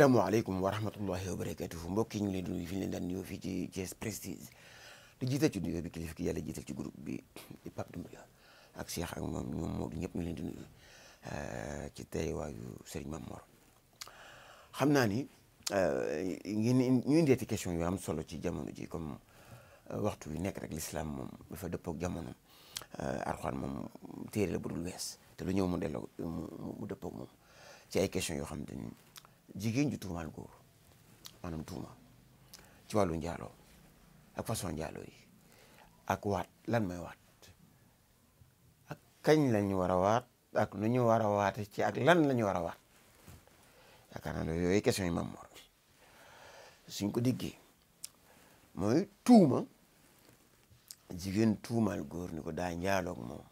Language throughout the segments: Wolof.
asalaamaaleykum wa rahmatullahi wa barakatuhu mbokk yi ñu leen di nuyu fi ñu leen daan nuyoo fii ci Thiès Prestige di jiital ci nuyoo bi kilifa ki yàlla jiital ci groupe bi di Pape Doumbia ak Cheikh ak moom ñëpp ñu leen di nuyu euh, ci teewaayu Serigne Mor xam naa ni euh, ngeen ñu indeeti question yu am solo ci jamono ji comme euh, waxtu wi nekk rek l'islam moom dafa dëppoo ak jamono Alxuraan moom téere la budul wees te lu ñëw mu delloo mu dëppoo moom ci ay question yoo xam te jigéen ju tuumaal góor maanaam tuuma ci wàllu njaaloo ak façon njaaloo yi ak waat lan mooy waat ak kañ lañu war a waat ak lu ñu war a waate ci ak lan lañu ñu war a waat yaakaar naa loolu yooyu question yi mam moor suñ ko déggee mooy tuuma jigéen tuumaal góor ni ko daa njaaloog moom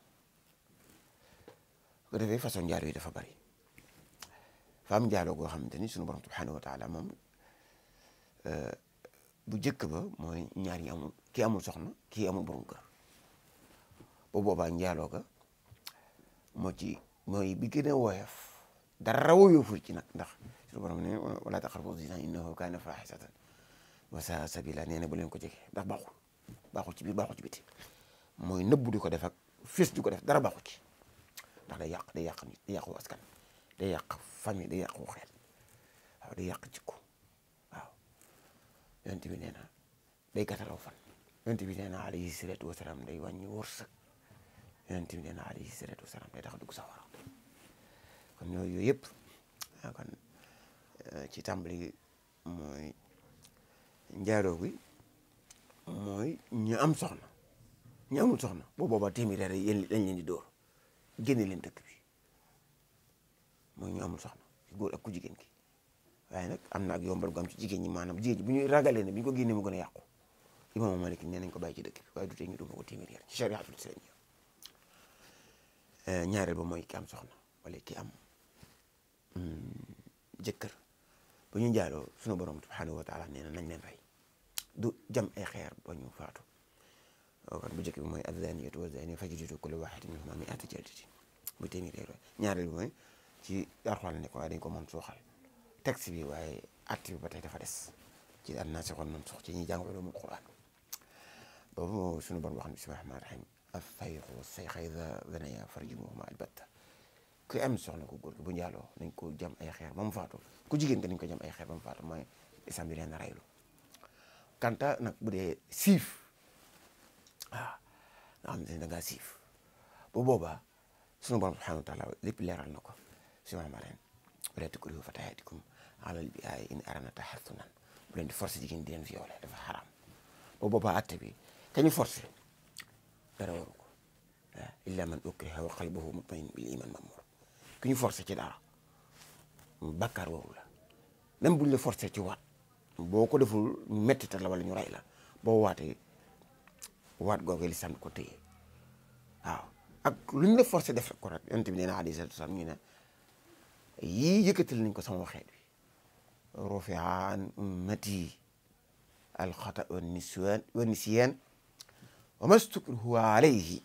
ko defee façon njaaloo yi dafa bari fa am njaaloo goo xamante ni sunu borom subhanahu wa taala moom euh, bu jëkk ba mooy ñaar yi amul kii amul soxna kii amul borom kër bu boobaa njaaloo ga moo ci mooy bi gën a woyof dara woyoful ci nag ndax sunu borom ne wala taqrabu zina innahu kaana faaxisatan wa saa sabila nee na bu leen ko jege ndax baaxul baaxul ci biir baaxul ci biti mooy nëbb di ko def ak fis di ko def dara baaxul ci ndax day yàq day yàq nit da yàq famille day yàqu xel waaw day yàq jikko waaw yonent bi nee na day gàttalaw fan yonent bi nee na alayhi salaatu wasalaam day wàññi wërsëg yonent bi nee na alayhi salaatu wasalaam day tax dugg safara kon yooyu yëpp ah, kon eh, tàmbali mooy njaaroo gi mooy ñu am soxna ñu amul soxna boo boobaa téeméer dañ leen di dóor génne leen dëkk moy ñu amul soxna góor ak ku jigen ki waaye nak amna ak yombal gu am ci jigen ñi manam jeej bu ñu ragalé ne bu ko génné mu gëna yaqku imam Malik né nañ ko bay ci dëkk bi waaye du tee ñu duma ko timir yar ci sharia chariatul euh ñaareel ba moy ki am soxna wala ki am hmm jëkkër bu ñu jaalo sunu borom subhanahu wa taala nee nañ leen ray du jam ay xeer ba ñu faatu kon bu njëkk bi moy mooy wa wazzaani fajlidu kullu wahidin minhum mi'ata jaldatin bu téeméer yar ñaareel bi moy ci alxuraan ne ko waaye dañ ko mën suuxal texte bi waaye acte bi ba tey dafa des ci an naa si xool man suux ci ñuy jàng ulumul quraan boobu suñu bon wax ne bismillahi rahmaani rahiim as-sayxu was-sayxa izaa zanaya farjumuhumaa albatta ku am soxna ko góor gi bu njaaloo nañ ko jam ay xeer ba mu faatu ku jigéen nga nañ ko jam ay xeer ba mu faatu mooy isam bi leen raylu kanta nag bu dee siif waaw nga xam ne da ngaa siif bu boobaa sunu borom subhaanahu wa taala lépp leeral na ko سيما مارين بلاد كريو فتحاتكم على البي اي ان ارانا تحرثنا بلاد فرصة جين دين فيولا دفع حرام وبابا عتبي تاني فرصة تروروك إلا من أكره وقلبه مطمئن بالإيمان ممر كني فرصة كدارا مبكر وولا لم بل فرصة كوا بوكو دفل متى تلوالي نرائلا بواتي وات غوغيل سان كوتي aw ak luñ la forcé def rek ko rek yonent bi neena hadith sallallahu alayhi wasallam ñu yii yëkkatil nañ ko sama waxeet wi rufia an ummati alxata wa nisyan wa nisyan wa mastukrihu alayhi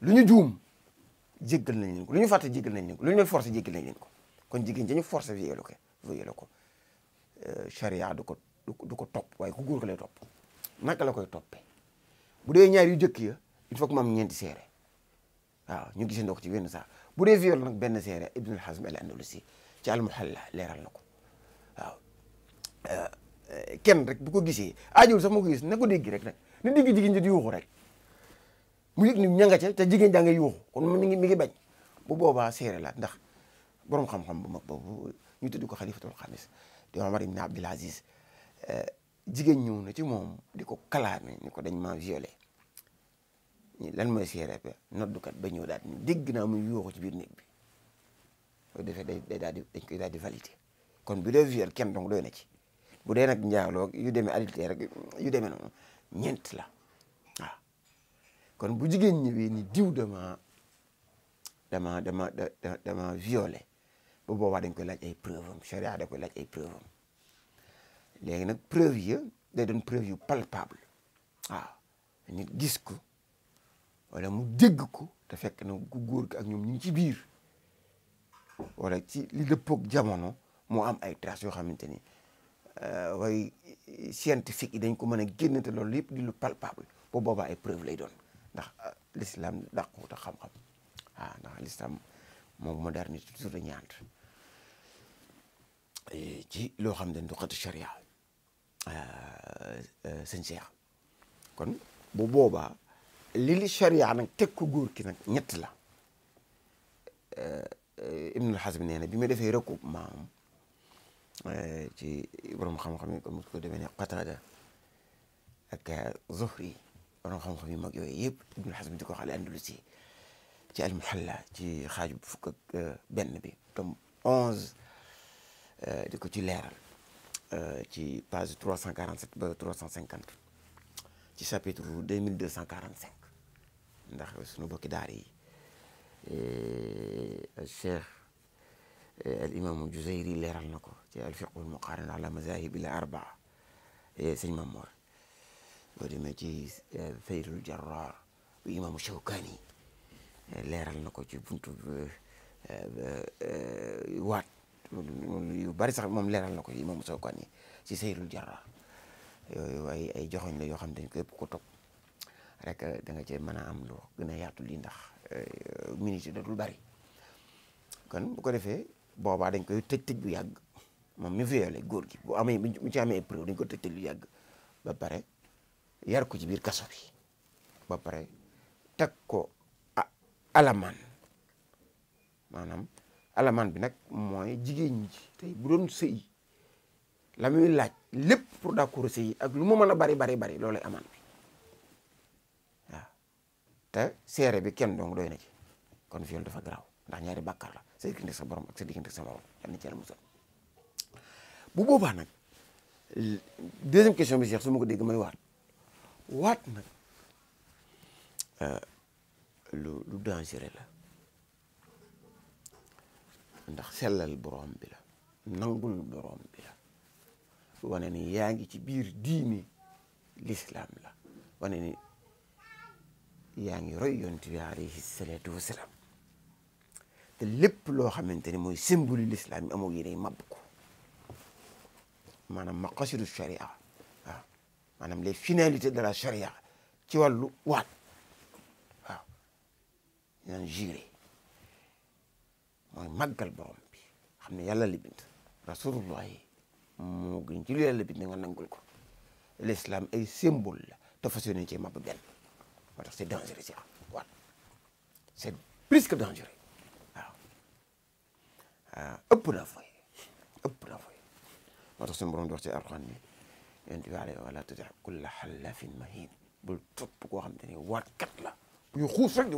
lu ñu juum jéggal nañ ko lu ñu fàtte jéggal nañ leen ko lu ñu leen forcé nañ leen ko kon jigéen dañu forcé viole ko viole ko charia euh, du ko du ko topp waaye ku góor ko lay topp naka la koy toppee bu dee ñaar yu jëkk ya il faut que mu ñeenti seere ñu gisandoo ko ci wenn saa بودي فيور نك بن سيري ابن الحزم الاندلسي تاع المحلى اللي راه لكم واو آه. آه. كان رك بوكو غيسي اديو سامو غيس نكو ديغ رك نك ني ديغ ديغ ندي يوخو رك موليك ني نياغا تي تا جيغي جانغي يوخو كون ميغي ميغي باج بو بوبا سيري لا ندخ بروم خام خام بو بو ني تودو كو خليفه الخامس دي عمر بن عبد العزيز آه. جيغي نيو نتي موم ديكو كلامي نيكو دنج ما فيولي lan mooy seere ba noddukat ba ñëw daal dégg na muy yuuxu ci bi dañ koy kon bu na ci yu rek yu la kon bu jigéen ñewé ni violé bu dañ koy laaj ay preuve sharia da koy ay preuve palpable wala mu dégg ko te fekk na gu góor ak ñoom ñu ngi ci biir wala ci li dëppoog jamono moo am ay traces yoo xamante ni euh, waaye scientifique yi dañ ko mën a génn te loolu yëpp di lu palpable bu boobaa ay preuve lay doon ndax euh, l'islam dàqu te xam-xam ah ndax l'islam moom modernité toujours dañuy ànd ci loo xam ne du xatu charia euh, sëñ Cheikh kon bu boobaa. للي شريعة من تكو جور كده نطلع ابن الحزم نينا بما دفع يركو معهم آه، جي ابرم خام خامي كمسكو دبني قطرة ده اكا زهري ابرم خام خامي ما جوا يب ابن الحزم دكو على اندلسي جي المحلة جي خاج بفك آه، بن نبي تم 11 آه، دكو جي لير جي باز 347 ب 350 جي سابيترو 2245 ndax suñu bokki daara yi cheikh imam Juzayri leeral na ko ci al fiqh al muqaaran ala mazahib al arbaa sëñ Mamoor boo demee ci fayrul jarrar bu imam Shawkaani leeral na ko ci buntu wat yu bari sax mom leeral na ko imam imaamu ci Sayrul jarrar yoy ay ay joxoñ la yo xam ne dañ ko yëpp ko topp rek eh, danga nga cee mën a am lu gën a yaatu lii ndax eh, minutes yi dootul bari kon bu ko defee boobaa dañ koy tëj tëj bu yàgg moom mi violé góor gi bu amee bu ci amee preuve dañ ko tëj tëj bu yàgg ba pare yar ko ci biir kaso bi ba pare teg ko alamaan maanaam alamaan bi nag mooy jigéen ñi tey bu doon sëy la muy laaj lépp pour d'accord sëy ak lu mu mën a bari bari bari loolay amaan bi te seere bi kenn dong doy na ci kon viol dafa garaaw ndax ñaari bàkkaar la sa diggante sa borom ak sa diggante sa morom yal na ci yàlla musal bu boobaa nag deuxième question bi Cheikh su ma ko dégg may waat waat nag euh, lu lu dangereux la ndax sellal borom bi la nangul borom bi la wane ni yaa ngi ci biir diini l'islam la wane ni يعني رأي النبي عليه الصلاة والسلام اللب لو خمنتني مو سيمبول الإسلام أمو يري مبكو معنى مقاصد الشريعة آه. معنى لي فيناليتي دلا الشريعة تي والو وات آه. يعني جيري موي ماغال بروم بي خمي يالا لي بنت رسول الله مو غنجي يالا لي بنت نانغول كو الاسلام اي سيمبول تفاسيوني تي مابو بن moo tax c'est dangereux c'est voilà. c'est plus que dangereux waaw ëpp na fooy ëpp na fooy moo tax suñu borom di wax ci alxuraan bi yonent bi alayhi wala tuti kulla xallafin mahin bul topp koo xam la buy xuus rek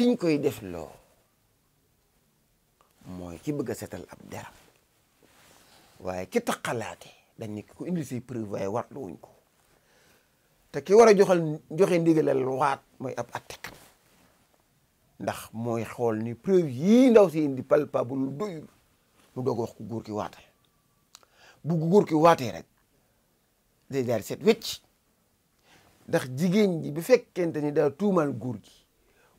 kiñ koy def loo mooy ki bëgg a setal ab deram waaye ki taqalaate dañ ne ko indi say preuve waaye warlu wuñ ko te ki war a joxal joxe ndigalal waat mooy ab attekat ndax mooy xool ni preuve yii ndaw si indi palpable doyul mu doog wax ku góor ki waatal bu góor ki waatee rek day daal set wecc ndax jigéen ji bu fekkente ni daa tuumaal góor gi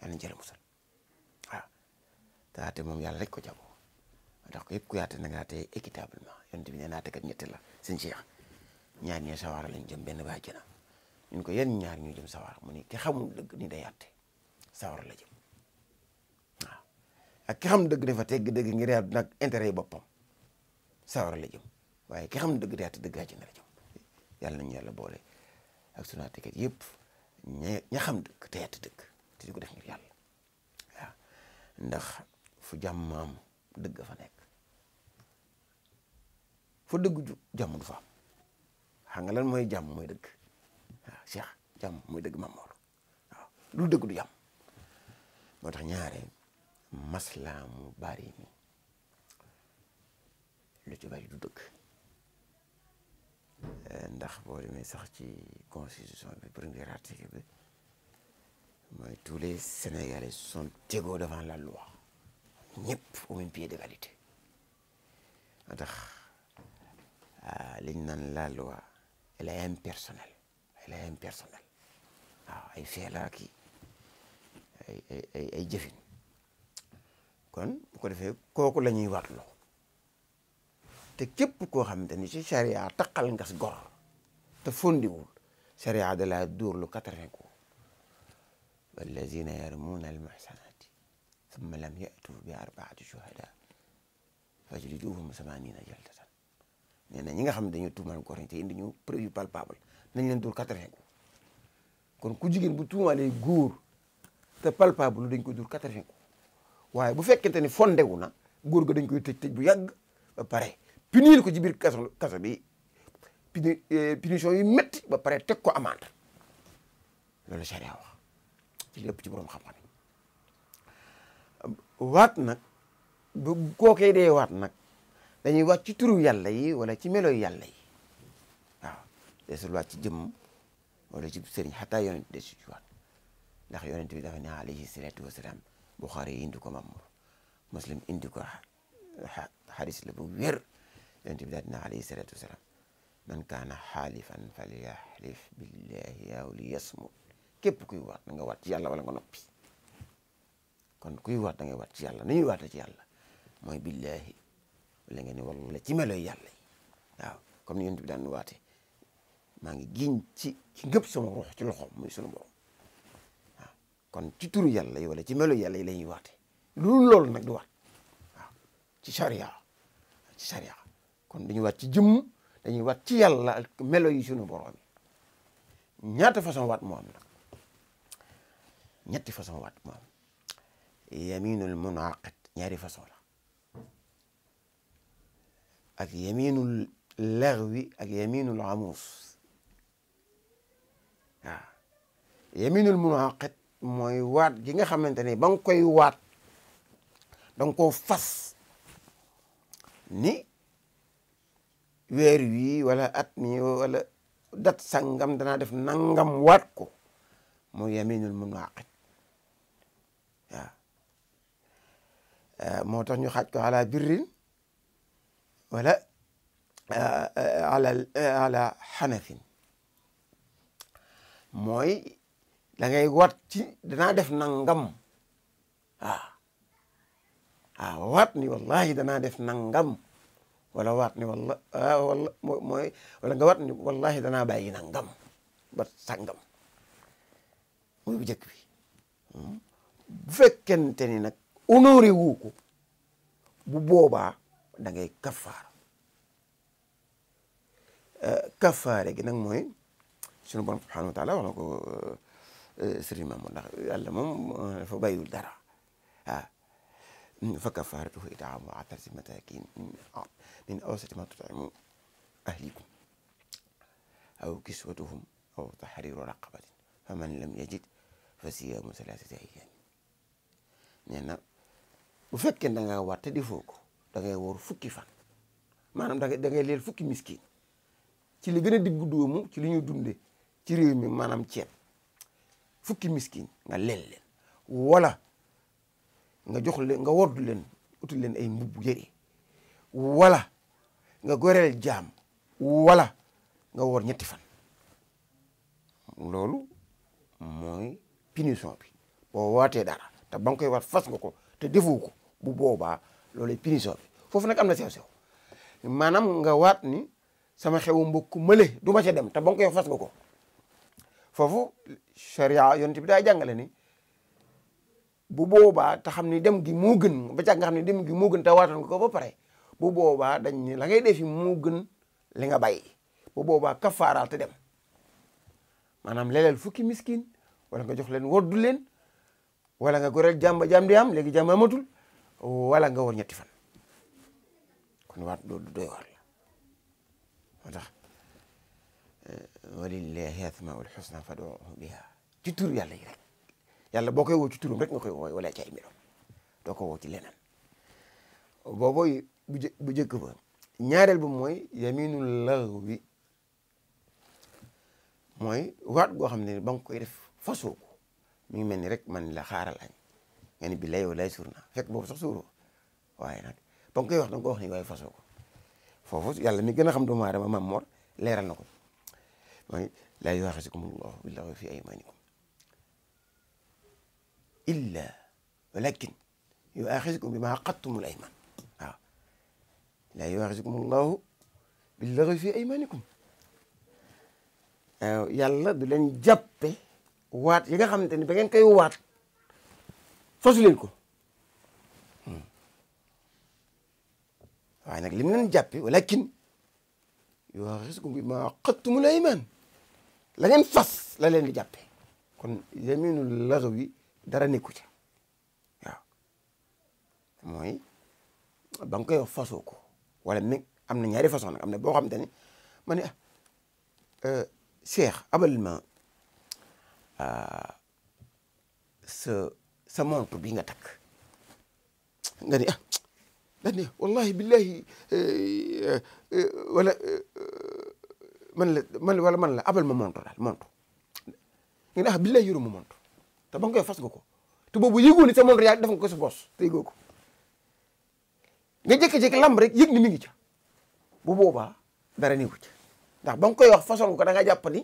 yàlla nañu jëlee musal waaw te àtte moom yàlla rek ko jagoo ndax ko yëpp ku yaate na nga àtte équitablement yonent bi la sëñ Cheikh ñaar ñee lañ jëm benn baa jëna ñun ko yenn ñaar ñu jëm sawara mu ni ki xamul dëgg ni day àtte la xam dëgg dafa tegg dëgg ngir nag intérêt yi boppam sawara la jëm waaye ki xam dëgg dëgg àjjana la jëm yàlla nañu yàlla boole ak sunu àttekat yëpp ña ña xam dëgg te àtte dëgg te di ko ngir yàlla ndax fu jàmmaam dëgg fa nekk fu dëgg ju jàmm du fa am xam nga lan mooy jàmm mooy dëgg waaw jàmm mooy dëgg Maam Mor dëgg du jàmm moo tax ñaare maslaamu bari mi lu ci bari du dëgg eh, ndax boo demee sax ci constitution bi premier article bi tous les Sénégalais sont égaux devant la loi Ils au même pied de validité. la ah, loi, la loi elle est impersonnelle elle est impersonnelle Elle ah, ay feelaa ay ay ay kon bu ko la ñuy te pourquoi ni ci charia est ngas gor te charia wallazina yarmuuna almuxsanaati summa lam yatuu bi arbaati shuhadaa fajliduuhum samaaniina jaldatan nee na ñi nga xam ne dañoo tuumaal góor ñi te indi ñu preuve yu palpable nañ leen dóor quatre-vingts kon ku jigéen bu tuumaalee góor te palpable dañ ko dóor quatre-vingts waaye bu fekkente ni fondewu na góor ga dañ koy tëj tëj bu yàgg ba pare punir ko ci biir kaso kaso bi eh, punition yu metti ba pare teg ko amande loolu charia ci lépp ci borom xam-xam waat nag bu kookee dee waat nag dañuy waat ci turu yàlla yi wala ci melo yàlla yi waaw waat ci jëmm wala ci sëriñ xataa yonent desu ci waat ndax yonent bi dafa ne alayhi salaatu wasalaam Buxaari yi indi ko mamur muslim indi ko xadis la bu wér yonent bi daal ne alayhi salaatu wasalaam man kaana xaalifan falyaxlif billahi aw liyasmut képp kuy waat da nga waat ci yàlla wala nga noppi kuy waat da ngay waat ci yàlla nu ñuy ci yàlla mooy billaahi wala nga ne wala ci meloy yàlla yi waaw comme ni yonent bi daan waate maa ngi giñ ci ci ngëpp sama ruux ci loxoom muy sunu borom kon ci turu yàlla yi wala ci meloy yàlla yi la ñuy waate loolu loolu nag du waat ci charia ci charia kon dañuy waat ci jëmm dañuy waat ci yàlla ak melo yi sunu borom yi ñaata façon waat moo am ñetti façon waat moom yaminul munaqid ñaari façon la ak yaminul wi ak yaminul amuus waaw yaminul munaqid mooy waat gi nga xamante ni ba nga koy waat danga koo fas ni weer wii wala at mi wala dat sangam danaa def nangam waat ko mu yaminul munaqid Euh, moo tax ñu xaaj ko ala birrin wala euh, euh, ala ala xanafin mooy dangay wat ci danaa def nangam waaw waaw waat ni wallahi danaa def nangam wala waat ni wala wala nga waat ni wallahi danaa bàyyi nangam ba sàngam mooy bu njëkk bi hmm? bu fekkente ni nag umuri wuko buboba da ngay kafara kafara gi nak moy sunu bon subhanahu wa taala wala ko sirri mam ndax yàlla mom fa bayul dara ha fa kafaaratuhu itaamu asharati matakin min awsati ma tut'imu ahlikum aw kiswatuhum aw tahriru raqabatin faman lam yajid fa siyaamu salaasati ayyaam bu fekkee da ngaa waat te defoo ko da ngay woor fukki fan maanaam da da ngay leel fukki miskin ci li gën a diggu doomu ci li ñuy dunde ci réew mi maanaam ceeb fukki miskin nga leel leen wala nga jox leen nga wordu leen utul leen ay mbubb yëre wala nga goreel jaam wala nga woor ñetti fan loolu mooy punition bi boo waatee dara te ba nga koy waat fas nga ko te difu ko bu boobaa loolay punition bi foofu nag am na sew-sew maanaam nga waat ni sama xewu mbokk mële du ma ca dem te ba nga koy fas nga ko foofu charia yonent bi daay jàngale ni bu boobaa te xam ni dem gi moo gën ba càg ni dem gi moo gën te waatoon nga ko ba pare bu boobaa dañ ni la ngay defi moo gën li nga bàyyi bu boobaa kafaaraal te dem maanaam leleel fukki miskin wala nga jox leen woddu leen wala nga goreel jàmm ba jàmm di am léegi jàmm amatul wala nga war ñetti fan kon waat loolu doy la moo tax eh, walillahi asmaul husna fad'uhu biha ci tur yàlla yi rek yàlla boo koy woo ci turam nga koy woo wala ci ay mbiram doo ko woo ci leneen boobooy bu jëkk ba ñaareel ba mooy yaminul laghwi mooy waat goo xam ne ba nga koy def mi ngi mel ni rek man la xaaral añ nga ni bi la yow lay suur naa fekk boobu sax suuroo waaye nag ba nga koy wax da ko wax ni waaye fasoo ko foofu yàlla mi gën a xam doomu ma maam Mor leeral na ko mooy laa yuwaaxisikumullahu billaahi fi aymanikum illa walakin yuwaaxisikum bi maa xattumul ayman fi aymanikum yàlla du leen jàppe wat yi nga xamanteni ba ngeen koy wat fasu leen ko waaye nag lim leen jàppi walakin xis yuwaaxisukum bimaa aqadtumul aymaan la ngeen fas la leen di jàppe kon yamiinul laxwi dara nekku ca waaw mooy ba nga koy wax fasoo ko wala mi am na ñaari façon nag am na boo xamante ni ma ah cheikh abal ma Ah, sa sa bii nga takk nga ni ah dañ ne wallahi billahi eh, eh, wala eh, man la man wala man la abal ma montre daal montre nga ne ah billahi yoru ma montre te ba nga koy fas nga ko te boobu yëgoo ni sa montre yaa def nga ko sa bos te yëgoo ko nga jékki-jékki lamb rek yëg ni mi ngi ca bu boobaa dara ni wu ca ndax ba nga koy wax façon ko da nga ni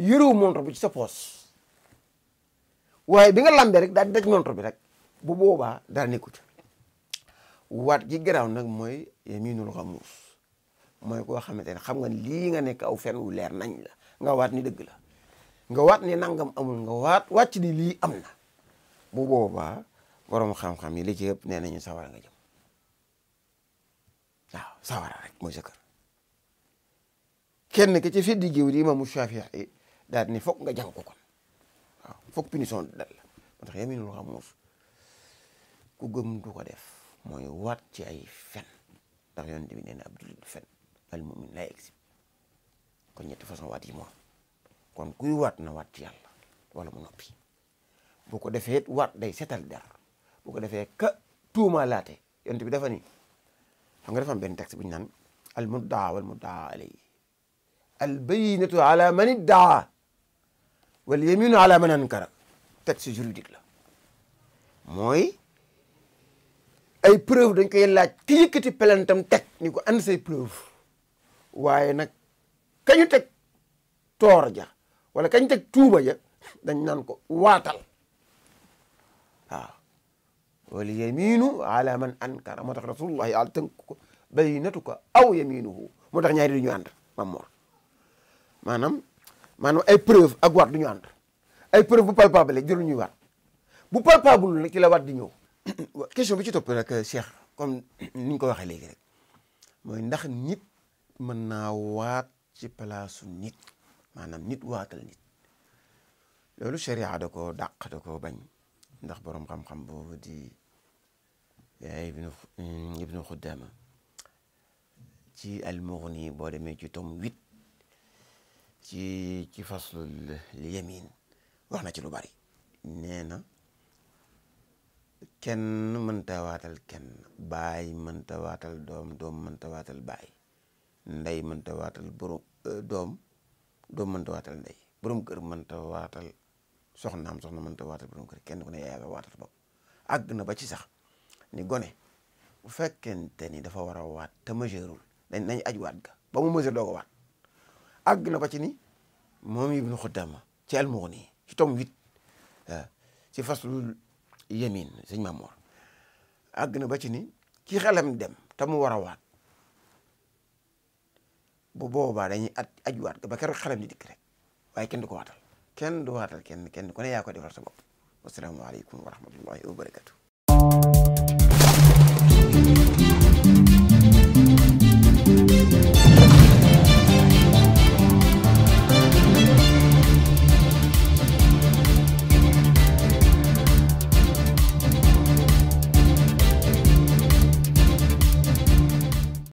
Yuru montre bi ci sa poos way bi nga lambe rek daal daj montre bi rek bu boobaa dara nekkut wat gi graw nak moy yaminul khamus moy ko xamantene xam nga li nga nek aw fen leer nañ la nga wat ni deug la nga wat ni nangam amul nga wat wacc ni li amna bu boba, borom xam-xam yi li ci yëpp nee sawara nga jëm sawara rek moy sa kenn ki ci fiddi jiw di Shafii daal ni foog nga jàng ko kon waaw foog punition dal la moo tax yaminul xamuus ku gëm du ko def mooy wat ci ay fen ndax yonent bi nee na ab du fen al kon ñetti façon waat yi moom na waat ci yàlla wala mu noppi boo ko defee wat day setal der bu ko defee ka tuuma laate yonent bi dafa ni xam nga dafa am benn texte bu ñu naan al muddaa wal muddaa alayhi al bayyinatu ala man iddaa wal yaminu ala man ankara texte juridique la mooy ay preuve dañ koy laaj ki yëkkati pelantam teg ni ko and say preuve waaye nag kañu teg toor ja wala kañ teg tuuba ja dañ naan ko waatal waaw wal yaminu ala man ankara moo tax rasulullahi àl tënk ko baynatuka aw yaminuhu moo tax ñaari du ñu ànd maam moor maanaam maanaam ay preuve ak nous du ñu ànd ay preuve bu palpable jëlu ñu waat bu palpable nag la waat di ñëw question bi ci top rek Cheikh comme ni ko waxee nous rek pas ndax nit mën nous waat ci place nit manam nit waatal nit lolu sharia da ko dàq da ko bañ ndax borom xam-xam bo di ibn eh, ibn khuddama ci al-Mughni ci ci ci faslul yamin wax na ci lu bari nee na kenn mënta waatal kenn baay mënta waatal doom doom mënta waatal baay ndey mënta waatal borom doom doom mënta waatal ndey borom kër mënta waatal soxnaam soxna mënta waatal borom kër kenn ku ne yaa waatal bopp àgg na ba ci sax ni gone bu fekkente ni dafa war a waat te majeurul dañ nañ aj waat ga ba mu majeur doo ko waat أجنا بتشني مامي ابن خدامة تعال مغني شتوم ويت في فصل اليمين زين مامور أجنا بتشني كي خلهم دم تمو وراوات بو بو دا ني اجوات با كير خلام دي ديك رك واي كين دوكو واتال كين دو واتال كوني ياكو ديفار سبب عليكم ورحمه الله وبركاته